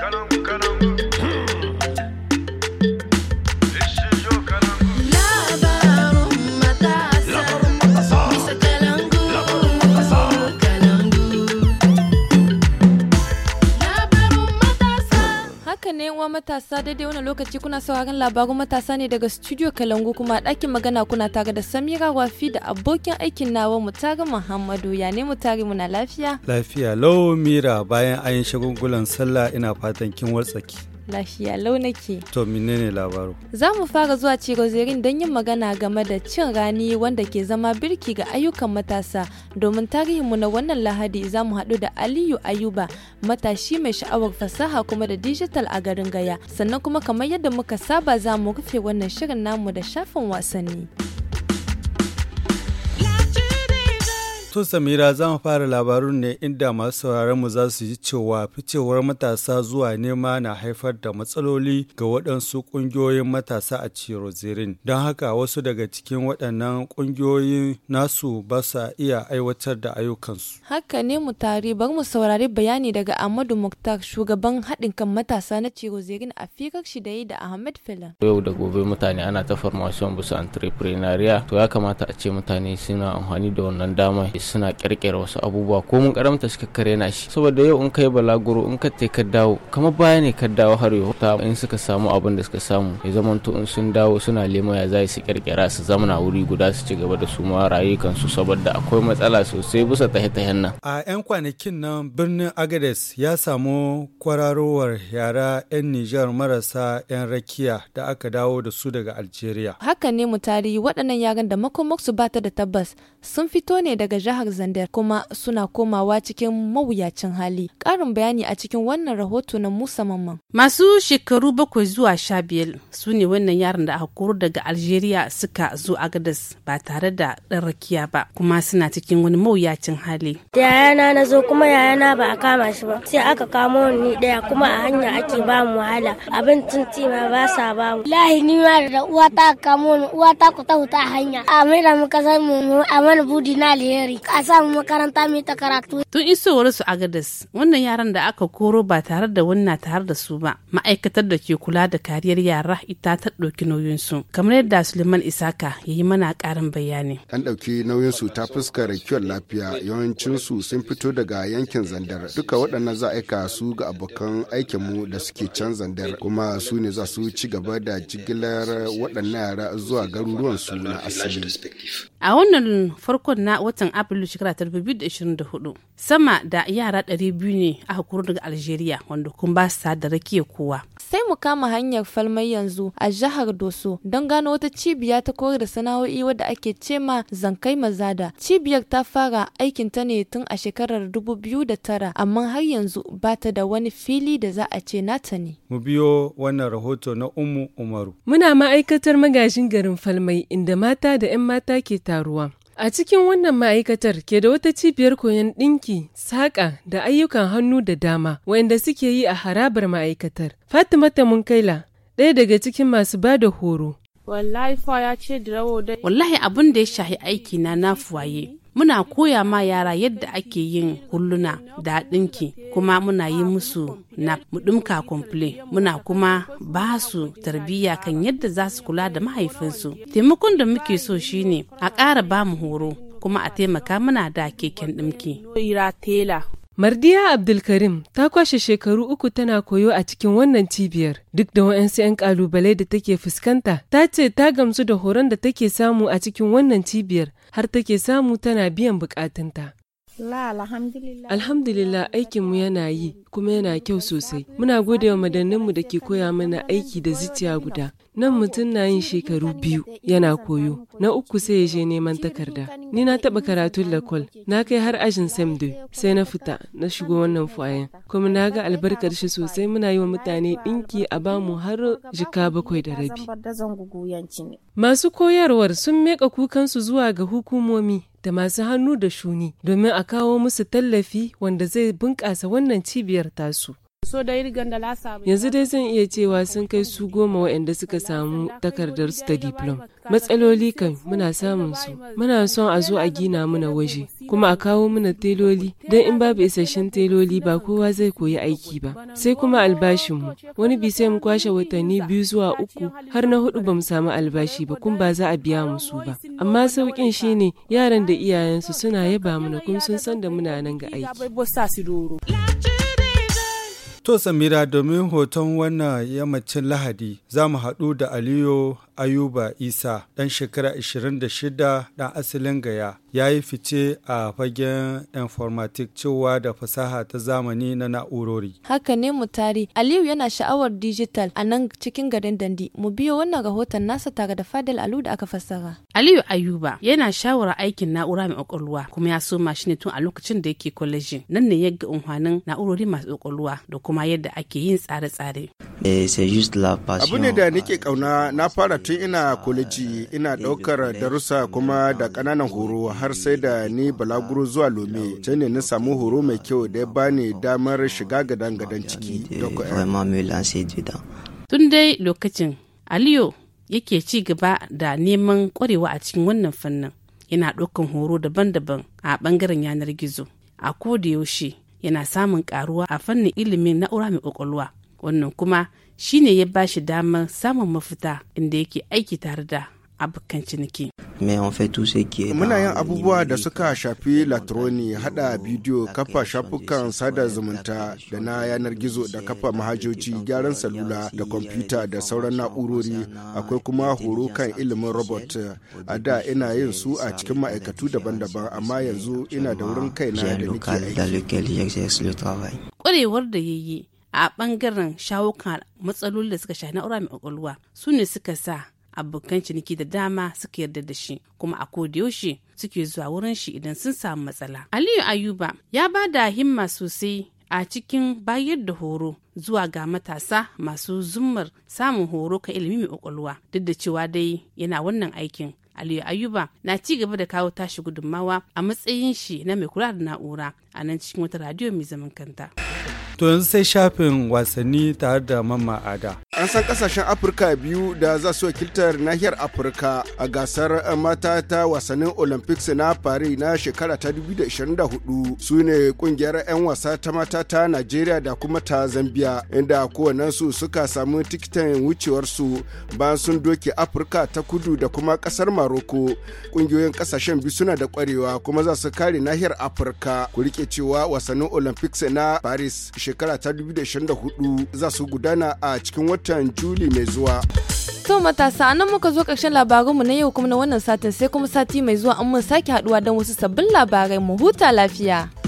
Caramba, caramba. ne uwa matasa daidai wani lokaci kuna sauraron labarun matasa ne daga studio Kalangu kuma ɗakin magana kuna tare da Samira Wafi da abokin aikin nawa mu tare Muhammadu ya ne mu tare muna lafiya. Lafiya lau Mira bayan ayin shagungulan sallah ina fatan kin wartsaki. lafiya lau nake. To menene labaru? Za mu fara zuwa Cirozerin don yin magana game da cin rani wanda ke zama birki ga ayyukan matasa domin tarihinmu na wannan lahadi za mu haɗu da Aliyu Ayuba matashi mai sha'awar fasaha kuma da digital a garin Gaya sannan kuma kamar yadda muka saba za mu rufe wannan shirin namu da shafin wasanni. To Samira za mu fara labarun ne inda masu sauraron mu za su ji cewa ficewar matasa zuwa nema na haifar da matsaloli ga waɗansu ƙungiyoyin matasa a Cirozirin. Don haka wasu daga cikin waɗannan ƙungiyoyin nasu ba sa iya aiwatar da ayyukansu. Haka ne mu tare bar mu saurari bayani daga Ahmadu Muktar shugaban haɗin kan matasa na Cirozirin a fikar shi da yi da Ahmed Fela. Yau da gobe mutane ana ta farmasiyon bisa entrepreneuria to ya kamata a ce mutane suna amfani da wannan dama. suna kirkira wasu abubuwa ko mun karamta suka kare na shi saboda yau in kai balaguro in ka te ka dawo kamar baya ne ka dawo har yau ta in suka samu abin da suka samu ya zama to in sun dawo suna lema ya zai su kirkira su zamana wuri guda su ci gaba da su ma rayukan su saboda akwai matsala sosai bisa tahe tahen nan a yan kwanakin nan birnin agades ya samu kwararowar yara yan nijar marasa yan rakiya da aka dawo da su daga algeria haka ne mutari waɗannan yaran da makomaksu ba ta da tabbas sun fito ne daga jihar Zandar kuma suna komawa cikin mawuyacin hali. Ƙarin bayani a cikin wannan rahoto na Musa Mamman. Masu shekaru bakwai zuwa sha biyar su ne wannan yaran da aka koro daga Algeria suka zo Agadas ba tare da ɗan rakiya ba kuma suna cikin wani mawuyacin hali. Yayana na zo kuma yayana ba a kama shi ba sai aka kamo ni ɗaya kuma a hanya ake ba mu wahala abincin ma ba sa ba mu. Lahi ni ma da uwa ta kamo ni uwa ta ku ta huta a hanya. A mai da muka san mu a mana budi na alheri. a samu makaranta mai ta karatu. Tun isowar su a Gadas, wannan yaran da aka koro ba tare da wannan tare da su ba, ma'aikatar da ke kula da kariyar yara ita ta ɗauki nauyin su. Kamar yadda Suleiman Isaka ya yi mana ƙarin bayani. An ɗauki nauyinsu ta fuskar kiwon lafiya, yawancinsu sun fito daga yankin Zandar. Duka waɗannan za aika su ga abokan aikinmu da suke can Zandar, kuma su ne za su ci gaba da jigilar waɗannan yara zuwa garuruwan su na asali. a wannan farkon na watan afrilu shekara ta 2024 sama da yara biyu ne aka kuro daga algeria wanda kun ba su da rakiya kowa sai mu kama hanyar falmai yanzu a jihar Doso don gano wata cibiya ta koyar da sana'o'i wadda ake cema Zankai Mazada. Cibiyar ta fara aikin ta ne tun a shekarar dubu biyu da tara amma har yanzu ba ta da wani fili da za a ce nata ne. Mu biyo wannan rahoto na umu Umaru. Muna ma'aikatar magajin garin Falmai inda mata da 'yan mata ke taruwa. A cikin wannan ma'aikatar ke da wata cibiyar koyon ɗinki, saƙa da ayyukan hannu da dama wayanda suke yi a harabar ma'aikatar. Fatimata Munkaila, ɗaya daga cikin masu ba da horo. Wallahi fa abun da ya shahi aiki na na fuwaye. muna koya ma yara yadda ake yin hulluna da ɗinki kuma muna yi musu na mudumka komple muna kuma ba su tarbiyya kan yadda za su kula da mahaifinsu taimakon da muke so shine a ƙara ba mu horo kuma a taimaka muna da keken ɗinki. Mardiya Abdulkarim ta kwashe shekaru uku tana koyo a cikin wannan cibiyar. Duk da wa'yansu 'yan kalubale da take fuskanta, ta ce ta gamsu da horon da take samu a cikin wannan cibiyar har take samu tana biyan bukatunta. Alhamdulillah aikinmu yana yi kuma yana kyau sosai. Muna gode wa madanninmu da ke koya mana aiki da zuciya guda. Nan mutum na yin shekaru biyu yana koyo, na uku sai ya je neman takarda. Ni na taɓa karatun lakol, na kai har ajin semdo, sai na fita, na shigo wannan fayan. Kuma na ga albarkar shi sosai muna yi wa mutane ɗinki a bamu har jika bakwai da rabi. Masu koyarwar sun meka kukansu zuwa ga hukumomi da masu hannu da shuni domin a kawo musu tallafi wanda zai bunƙasa wannan cibiyar tafiyar tasu yanzu dai zan iya cewa sun kai su goma waɗanda suka samu takardar su ta diplom matsaloli kan muna samun su muna son a zo a gina muna waje kuma a kawo muna teloli don in babu isasshen teloli ba kowa zai koyi aiki ba sai kuma albashinmu wani bi sai mu kwashe watanni biyu zuwa uku har na hudu ba mu samu albashi ba kun ba za a biya musu ba amma saukin shine yaran da iyayensu suna yaba mana kun sun san da muna nan ga aiki To Samira domin hoton wannan yammacin Lahadi za mu haɗu da Aliyu Ayuba Isa ɗan shekara 26 ɗan asalin gaya ya yi fice a fagen informatic cewa da fasaha ta zamani na na'urori. Haka ne mu tari Aliyu yana sha'awar digital a nan cikin garin Dandi mu biyo wannan rahoton nasa tare da Fadil Alu da aka fassara. Aliyu Ayuba yana shawara aikin na'ura mai kwakwalwa kuma ya so shi ne tun a lokacin da yake kwalejin nan ne ya ga unhwanin na'urori masu kwakwalwa da kuma kuma yadda ake yin tsare-tsare. Eh, Abu ne da nake kauna na fara tun ina koleji ina daukar darussa kuma da kananan horo har sai da ni balaguro zuwa lome can ne na samu horo mai kyau da ya bani damar shiga gadan-gadan ciki. Tun dai lokacin Aliyu yake ci gaba da neman kwarewa a cikin wannan fannin yana ɗaukan horo daban-daban a ɓangaren yanar gizo a koda yaushe yana samun karuwa a fannin ilimin na'ura mai kwakwalwa wannan kuma shine ya bashi damar samun mafita inda yake aiki tare da abokan ciniki. Muna yin abubuwa da suka shafi latroni hada bidiyo kafa shafukan sada zumunta da na yanar gizo da kafa mahajoji gyaran salula da kwamfuta da sauran na'urori akwai kuma horo kan ilimin robot a da ina yin su a cikin ma'aikatu daban-daban amma yanzu ina da wurin kaina da nake da ya yi a ɓangaren shawo matsalolin da suka sha na'ura mai ƙwaƙwalwa su ne suka sa abokan ciniki da dama suka yarda da shi kuma a yaushe suke zuwa wurin shi idan sun samu matsala aliyu ayuba ya ba da himma sosai a cikin bayar da horo zuwa ga matasa masu zummar samun horo ka ilimi mai kwakwalwa duk da cewa dai yana wannan aikin aliyu ayuba na ci gaba da kawo tashi gudummawa a matsayin shi na mai kula da na'ura a nan cikin wata radiyo mai zaman kanta to yanzu sai shafin wasanni tare da mamma ada an san kasashen afirka biyu da za su wakiltar nahiyar afirka a gasar mata ta wasannin olympics na paris na shekara ta 2024 su ne kungiyar 'yan wasa ta mata ta najeriya da kuma ta zambia inda kowannensu suka samu tikitin wucewarsu bayan sun doke afirka ta kudu da kuma kasar maroko kungiyoyin kasashen biyu suna da kwarewa kuma za su kare nahiyar afirka ku rike cewa wasannin olympics na paris shekara ta 2024 za su gudana a cikin watan watan Juli mai zuwa. To matasa nan muka zo ƙarshen labaranmu na yau kuma na wannan satin sai kuma sati mai zuwa an mun sake haɗuwa don wasu sabbin labarai mu huta lafiya.